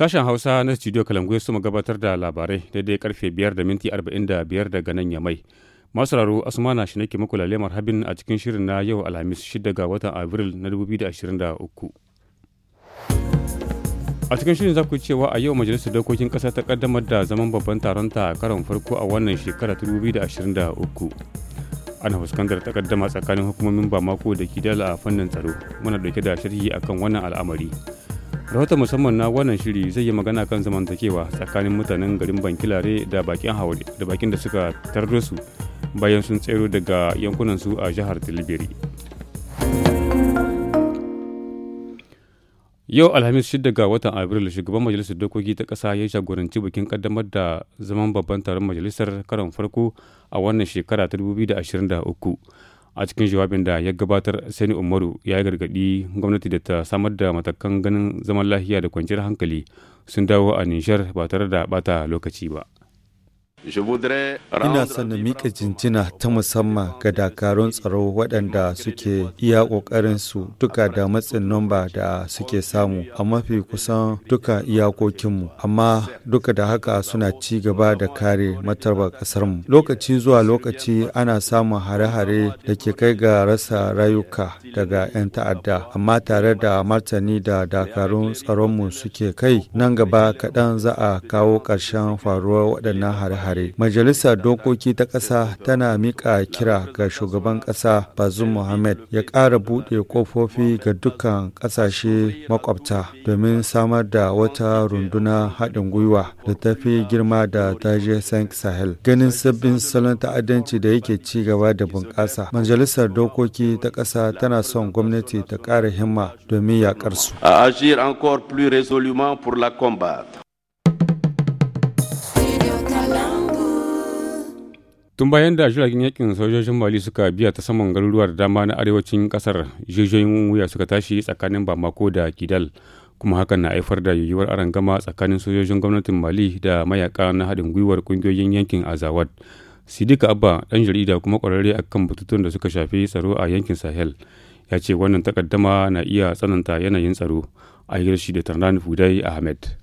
Sashen Hausa na Studio Kalangwe su gabatar da labarai daidai karfe 5 da minti biyar daga nan ya mai Masu raro Asmana shi nake muku lalemar habin a cikin shirin na yau Alhamis 6 ga watan Abril na 2023. A cikin shirin za ku cewa a yau Majalisar Dokokin Ƙasa ta kaddamar da zaman babban taron ta karon farko a wannan shekara 2023. Ana fuskantar takaddama tsakanin hukumomin Bamako da Kidal a fannin tsaro. Muna dauke da sharhi akan wannan al'amari. rahoton musamman na wannan shiri zai yi magana kan zamantakewa tsakanin mutanen garin bankilare da bakin haure da bakin da suka tardo su bayan sun tsero daga yankunan su a jihar tilibiri yau alhamis shida ga watan abril shugaban majalisar dokoki ta ƙasa ya jagoranci bikin kaddamar da zaman babban taron majalisar karon farko a wannan shekara ta 2023 a cikin jawabin da ya gabatar sani umaru ya yi gargaɗi gwamnati da ta samar da matakan ganin zaman lafiya da kwanciyar hankali sun dawo a nijar ba tare da bata lokaci ba Ina son miƙa jinjina ta musamman ga dakarun tsaro waɗanda suke iya su duka da matsin nomba da suke samu a mafi kusan duka iyakokinmu, amma duka da haka suna ci gaba da kare matarba ƙasarmu. Lokaci zuwa lokaci ana samun hare-hare da ke kai ga rasa rayuka daga 'yan ta'adda, amma tare da martani da dakarun tsaronmu suke kai nan gaba kaɗan za a kawo ƙarshen faruwar waɗannan hare-hare. hare majalisar dokoki ta ƙasa tana miƙa kira ga shugaban ƙasa Bazoum Mohammed, ya ƙara buɗe ƙofofi ga dukkan ƙasashe makwabta domin samar da wata runduna haɗin gwiwa da ta fi girma da Tajir sank sahel ganin sabbin salon ta'addanci da yake ci gaba da bunƙasa majalisar dokoki ta ƙasa tana son gwamnati ta ƙara himma domin yaƙarsu. a agir encore plus résolument pour la combattre tun bayan da jiragen yakin sojojin mali suka biya ta saman garuruwar dama na arewacin kasar jirgin wuya suka tashi tsakanin bamako da kidal kuma hakan na haifar da yiwuwar arangama tsakanin sojojin gwamnatin mali da mayaka na haɗin gwiwar ƙungiyoyin yankin azawad sidika abba ɗan jarida kuma ƙwararre kan bututun da suka shafi tsaro a yankin sahel ya ce wannan takaddama na iya tsananta yanayin tsaro a yi da tarnan fudai ahmed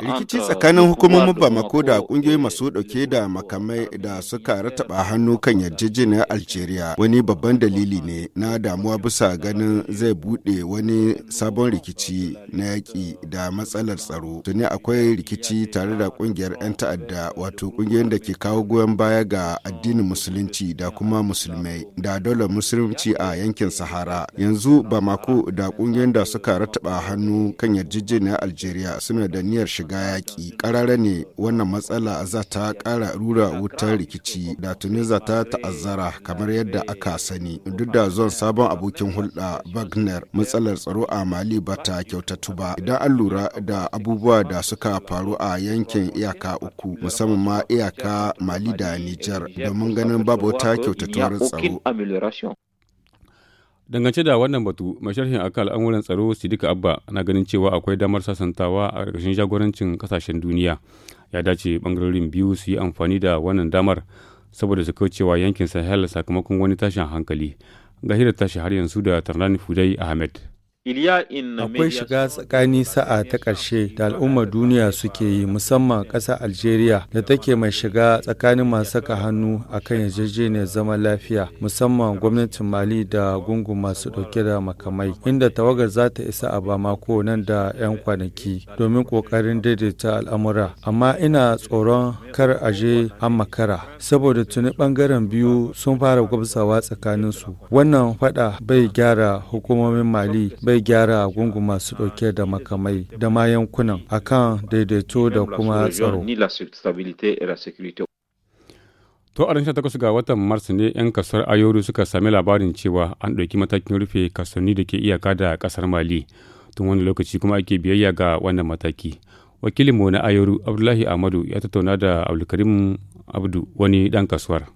rikici tsakanin hukumomin bamako da kungiyoyi masu dauke da makamai da suka rataba hannu kan yarjejeniyar algeria wani babban dalili ne na damuwa bisa ganin zai bude wani sabon rikici na yaki da matsalar tsaro tuni akwai rikici tare da kungiyar 'yan ta'adda wato kungiyoyin da ke kawo goyon baya ga addinin musulunci da kuma musulmai da dole musulunci a yankin sahara yanzu bamako da kungiyoyin da suka rataba hannu kan yarjejeniyar algeria sun suna da niyyar shiga yaƙi ƙarara ne wannan matsala za ta ƙara rura wutar rikici da tuni ta ta'azzara kamar yadda aka sani duk da zuwan sabon abokin hulɗa bagner matsalar tsaro a mali ba ta kyautatu ba idan an lura da abubuwa da suka faru a yankin iyaka uku musamman ma iyaka mali da nijar domin ganin babu wata kyautatuwar tsaro Dangance da wannan batu, mai sharhin akan al'amuran tsaro Sidika Abba na ganin cewa akwai damar sasantawa a ƙarƙashin jagorancin ƙasashen duniya. Ya dace bangarorin biyu su yi amfani da wannan damar saboda su cewa yankin Sahel sakamakon wani tashin hankali. Ga hirar tashi har yanzu da Tarnani Fudai Ahmed. Akwai shiga tsakani sa'a ta ƙarshe da al'ummar duniya suke yi musamman ƙasar Algeria da take mai shiga tsakanin masu saka hannu a kan yarjejeniyar zama lafiya musamman gwamnatin Mali da gungun masu ɗauke da makamai inda tawagar za ta isa a Bamako nan da 'yan kwanaki domin ƙoƙarin daidaita al'amura. Amma ina tsoron kar a aje an makara saboda tuni ɓangaren biyu sun fara tsakanin tsakaninsu. Wannan faɗa bai gyara hukumomin Mali bai zai gyara gungun masu ɗauke da makamai da ma yankunan akan daidaito da kuma tsaro. To a ranar takwas ga watan Mars ne 'yan kasuwar Ayoru suka sami labarin cewa an ɗauki matakin rufe kasanni da ke iyaka da kasar Mali. Tun wani lokaci kuma ake biyayya ga wannan mataki. Wakilinmu na Ayoru Abdullahi Ahmadu ya tattauna da Abdulkarim Abdu wani ɗan kasuwar.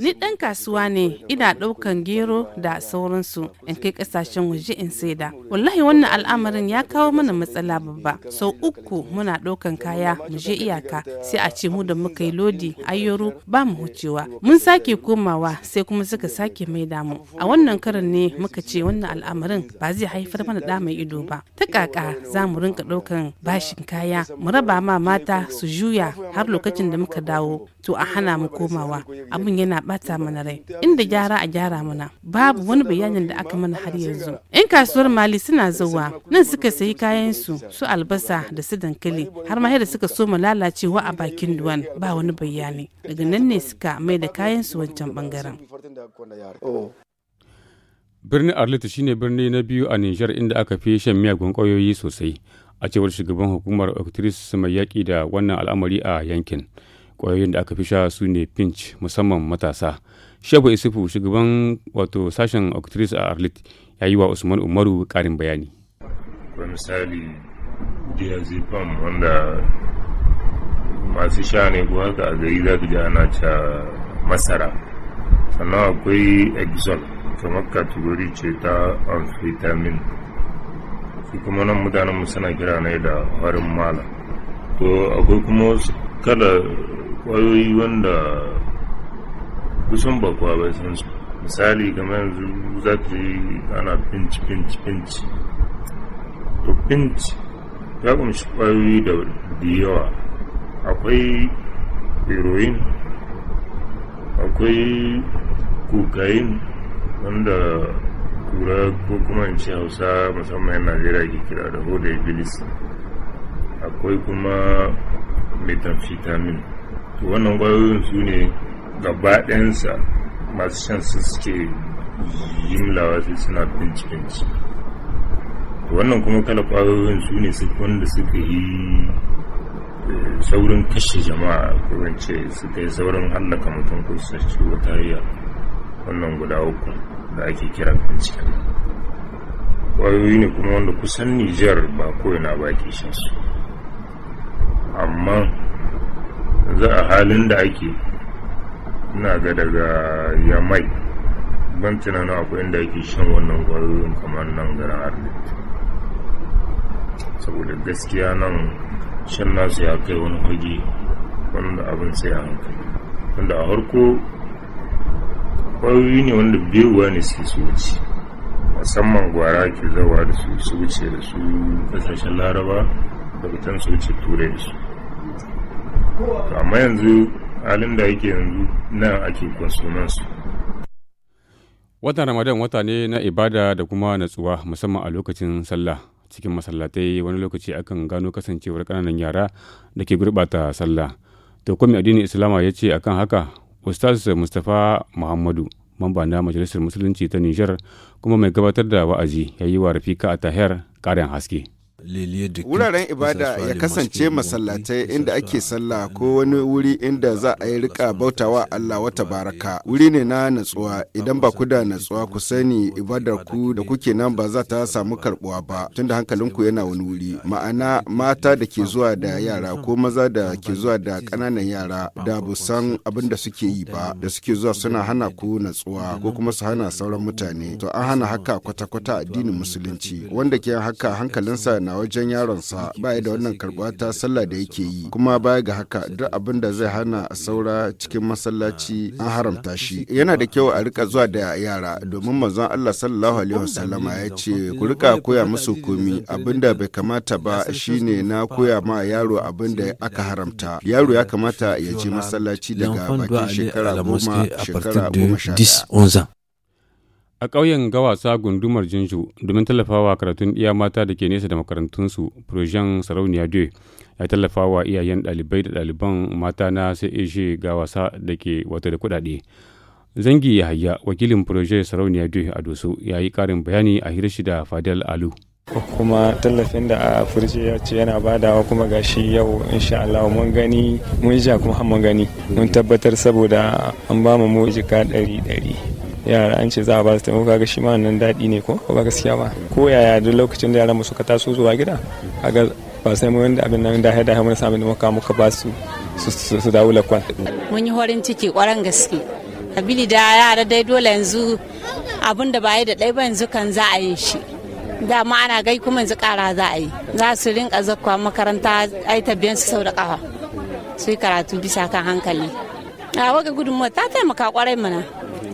Ni ɗan kasuwa ne ina ɗaukan gero da sauransu in kai ƙasashen waje in saida. Wallahi wannan al'amarin ya kawo mana matsala babba. Sau uku muna ɗaukan kaya mu je iyaka sai a ce mu da muka yi lodi ayyoro ba mu hucewa. Mun sake komawa sai kuma suka sake mai damu. A wannan karin ne muka ce wannan al'amarin ba zai haifar mana ɗa mai ido ba. Ta ƙaƙa za mu rinka ɗaukan bashin kaya mu raba ma mata su juya har lokacin da muka dawo to a hana mu komawa. yawa abin yana bata mana rai inda gyara a gyara mana babu wani bayanin da aka mana har yanzu in kasuwar mali suna zuwa nan suka sayi kayan su su albasa da su dankali har ma da suka so mu lalacewa a bakin duwan ba wani bayani daga nan ne suka mai da kayan su wancan bangaren birnin arlita shine birni na biyu a nijar inda aka fi shan miyagun kwayoyi sosai a cewar shugaban hukumar oktris mai yaƙi da wannan al'amari a yankin kwayoyin da aka fi sha su ne pinch musamman matasa shehu isufu shugaban wato sashen octris a arlit ya yi wa usman umaru karin bayani misali diazepam wanda masu sha ne ko haka a gari za ji ana ca masara sannan akwai exol kamar kategori ce ta amphetamine su kuma nan mutanen mu suna kira ne da harin mala to akwai kuma kada. kwayoyi wanda kusan bakwa bai san su misali kamar yanzu za ka yi ana pinch pinch pinch to pinch ya kunshi kwayoyi da yawa akwai heroin akwai kokain wanda kura ko kuma in ce hausa musamman yan najeriya ke kira da hoda iblis akwai kuma methamphetamine to wannan ƙwayoyin su ne gabaɗensa masu shan su suke yimlawa sai suna binci To wannan kuma kala ƙwayoyin su ne wanda suka yi eh, saurin kashe jama'a ko wance suka yi saurin hallaka mutum ko su ci wata wannan guda uku da ake kira binciken ƙwayoyi ne kuma wanda kusan nijar ba kowane ba ke shan su amma yanzu a halin da ake ina ga daga yamai ban tunanin akwai inda ake shan wannan ƙwayoyin kamar nan garin arlit saboda gaskiya nan shan nasu ya kai wani fage wanda abin sai a hankali wanda a harko ƙwayoyi ne wanda bewa ne suke su wuce musamman gwara ke zawa da su su wuce da su kasashen laraba da fitan su wuce turai da su amma yanzu halin da yake yanzu nan ake su. watan ramadan wata ne na ibada da kuma natsuwa musamman a lokacin sallah cikin masallatai wani lokaci akan gano kasancewar kananan yara da ke gurɓata sallah to kuma addinin islama ya ce akan haka ustaz mustapha muhammadu mamba na majalisar musulunci ta nijar kuma mai gabatar da wa'azi ya yi wa rafika a tahir ƙarin haske wuraren ibada ya kasance masallatai inda ake sallah ko wani wuri inda za a yi rika bautawa Allah wata baraka wuri ne na natsuwa idan ba ku da natsuwa ku sani ibadar ku da kuke nan ba za ta samu karbuwa ba tunda hankalinku yana wani wuri ma'ana mata da ke zuwa da yara ko maza da ke zuwa da ƙananan yara da bu san abin da suke yi ba da suke zuwa suna hana ku natsuwa ko kuma su hana sauran mutane to an hana haka kwata-kwata addinin musulunci wanda ke haka hankalinsa na wajen yaronsa baya da wannan karba ta sallah da yake yi kuma baya ga haka duk abin da zai hana saura cikin masallaci an haramta shi yana da kyau a rika zuwa da yara domin manzon Allah sallallahu alaihi wasallama ya ce ku rika koya musu komi abinda bai kamata ba shine na koya ma yaro abinda aka haramta yaro ya kamata ya je masallaci daga bakin shekara goma shekara goma sha A ƙauyen Gawasa gundumar Jinju domin tallafawa karatun iya mata da ke nesa da makarantunsu, Projen Sarauniya Dwe ya tallafawa iyayen ɗalibai da ɗaliban mata na ga Gawasa da ke wata da kuɗaɗe. Zangi Yahaya, wakilin Proje Sarauniya Dwe a Doso, ya yi ƙarin bayani a hirshi da fadal Alu. kuma tallafin da a furce ya ce yana badawa kuma gashi yau insha Allah mun gani mun sha kuma mun gani mun tabbatar saboda an ba mu mujika ɗari ɗari yara an ce za a ba su taimako kaga shi ma nan daɗi ne ko ba gaskiya ba ko yaya duk lokacin da yaran mu suka taso zuwa gida kaga ba sai mun da abin nan da haɗa mun samu ne muka muka ba su su dawo lakwan mun yi horin ciki kwaran gaske kabili da yara dai dole yanzu abin da ba da ɗai ba yanzu kan za a yi shi dama ana gai kuma yanzu kara za a yi za su rinka zakwa makaranta ai tabbiyan su sau da kafa su yi karatu bisa kan hankali a waga gudunmuwa ta taimaka kwarai mana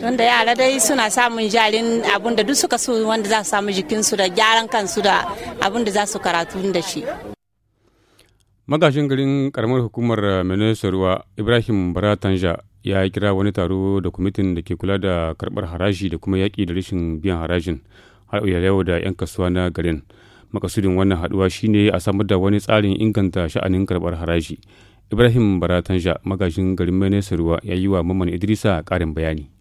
Wanda yara dai suna samun jarin abun da duk suka so wanda za su samu jikinsu da gyaran kansu da abun da za su karatu da shi. Magashin garin karamar hukumar eh, Minnesota ruwa Ibrahim Baratanja ya kira wani taro da kwamitin da ke kula da karbar haraji da kuma yaki da rashin biyan harajin har yau da 'yan kasuwa na garin. Makasudin wannan haɗuwa shine a samar da wani tsarin inganta sha'anin karbar haraji. Ibrahim Baratanja magashin garin Minnesota ruwa ya yi wa Maman Idrisa karin bayani.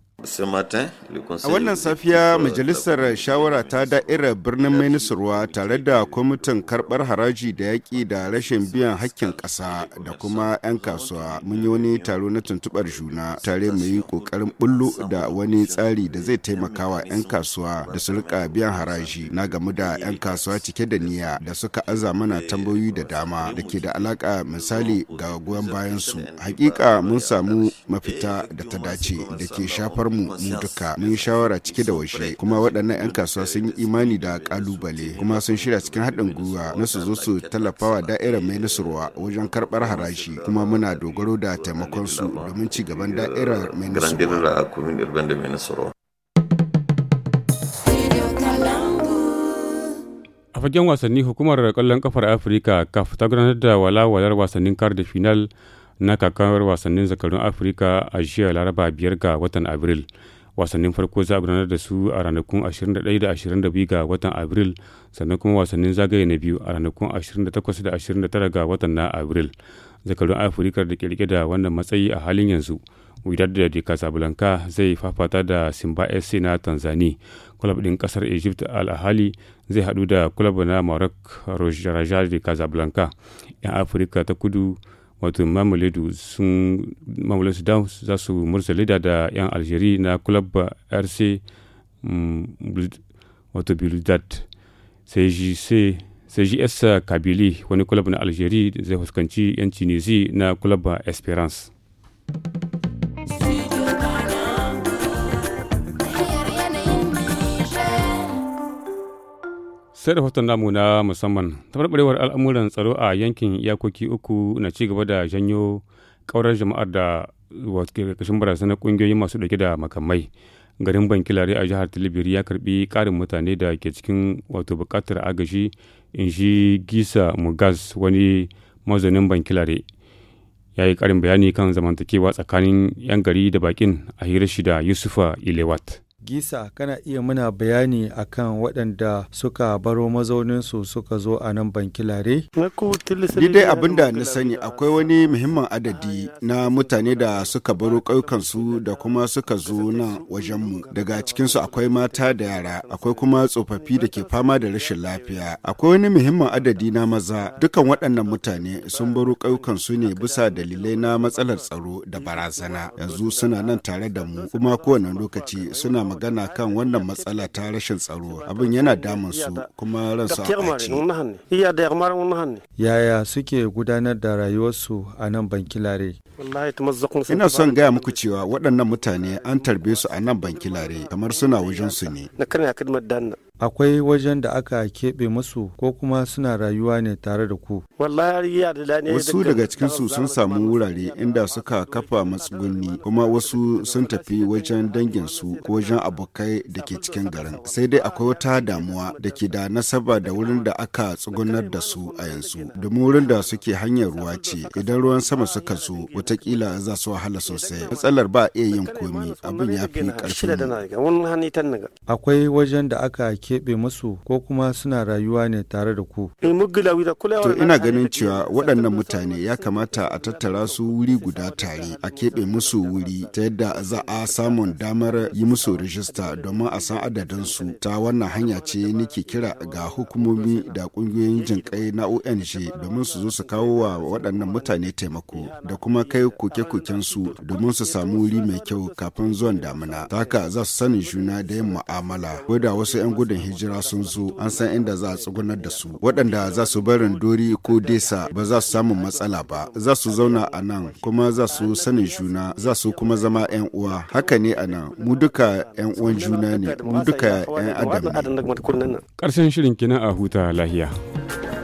A wannan safiya majalisar shawara ta da'irar birnin Minisruwa tare da kwamitin karɓar haraji da yaƙi da rashin biyan hakkin ƙasa da kuma 'yan kasuwa mun yi wani taro na tuntuɓar juna tare mu yi ƙoƙarin bullo da wani tsari da zai taimaka wa 'yan kasuwa da su rika biyan haraji na gamu da 'yan kasuwa cike da niyya da suka aza mana tambayoyi da dama da ke da alaƙa misali ga goyon bayan su. Hakika mun samu mafita da ta dace da ke shafar shafar mu mu duka mun shawara cike da washe kuma waɗannan 'yan kasuwa sun yi imani da kalubale kuma sun shirya cikin haɗin gwiwa na su zo su tallafawa da'irar mai nasarwa wajen karɓar harashi kuma muna dogaro da taimakon su domin ci gaban da'irar mai nasarwa. a fagen wasanni hukumar kwallon kafar afirka kaf ta gudanar da walawalar wasannin kar da final na kakar wasannin zakarun afirka a jiya laraba biyar ga watan abril wasannin farko za a gudanar da su a ranakun 21 da 22 ga watan abril sannan kuma wasannin zagaye na biyu a ranakun 28 da 29 ga watan na abril zakarun afirka da ke rike da wannan matsayi a halin yanzu widad da casablanca zai fafata da simba sc na tanzani kulab din kasar egypt al-ahali zai hadu da kulab na maroc raja de casablanca 'yan afirka ta kudu wato mamaledu sun mamaledu sudan za su murza leda da 'yan algeri na club rc mm, wato bildat sai js kabili wani club na algeri zai fuskanci 'yan tunisi na club esperance sai rahoton namu na musamman tabarbarewar al'amuran tsaro a yankin iyakoki uku na ci gaba da janyo kaurar jama'ar da barasa na kungiyoyi masu dauke da makamai garin bankilare a jihar tilibiri ya karbi karin mutane da ke cikin wato bukatar agaji in shi gisa mugas wani mazaunin bankilare ya yi karin bayani kan zamantakewa tsakanin yan gari da bakin a hirar shi da yusufa ilewat Gisa kana iya muna bayani akan waɗanda suka baro mazauninsu suka zo a nan bankilare? Ni dai abinda na sani akwai wani muhimmin adadi na mutane da suka baro ƙauyukansu da kuma suka zo nan wajenmu. Daga cikinsu akwai mata da yara, akwai kuma tsofaffi da ke fama da rashin lafiya. Akwai wani muhimmin adadi na maza. Dukan waɗannan mutane sun baro ƙauyukansu ne bisa dalilai na matsalar tsaro da barazana. Yanzu suna nan tare da mu kuma kowane lokaci suna magana kan wannan matsala ta rashin tsaro abin yana damun su kuma ran a yaya suke gudanar da rayuwarsu a nan bankilare ina son gaya muku cewa waɗannan mutane an tarbe su a nan bankilare kamar suna wajen su ne akwai wajen da aka keɓe masu. ko kuma suna rayuwa ne tare da ku wasu daga cikinsu sun samu wurare inda suka kafa matsugunni kuma wasu sun tafi wajen danginsu ko wajen abokai da ke cikin garin sai dai akwai wata damuwa da ke da nasaba da wurin da aka tsugunar da su a yanzu domin wurin da suke hanyar ruwa ce idan ruwan sama suka zo watakila za su wahala sosai matsalar ba iya yin komi abin ya fi ƙarfi akwai wajen da aka keɓe masu ko kuma suna rayuwa ne tare da ku. To ina ganin cewa waɗannan mutane ya kamata a tattara su wuri guda tare a keɓe musu wuri ta yadda za a samun damar yi musu rijista domin a san adadin su ta wannan hanya ce nake kira ga hukumomi da ƙungiyoyin jinƙai na ONG domin su zo su kawo wa waɗannan mutane taimako da kuma kai koke-koken su domin su samu wuri mai kyau kafin zuwan damina. Ta za su sanin juna da yin mu'amala ko da wasu 'yan gudun hijira sun zo an san inda za a tsugunar da su waɗanda za su barin dori ko desa ba za su samu matsala ba za su zauna a nan kuma za su sanin juna za su kuma zama 'yan uwa haka ne a nan mu duka 'yan uwan juna ne mu duka 'yan adam ne. shirin kina a huta lahiya.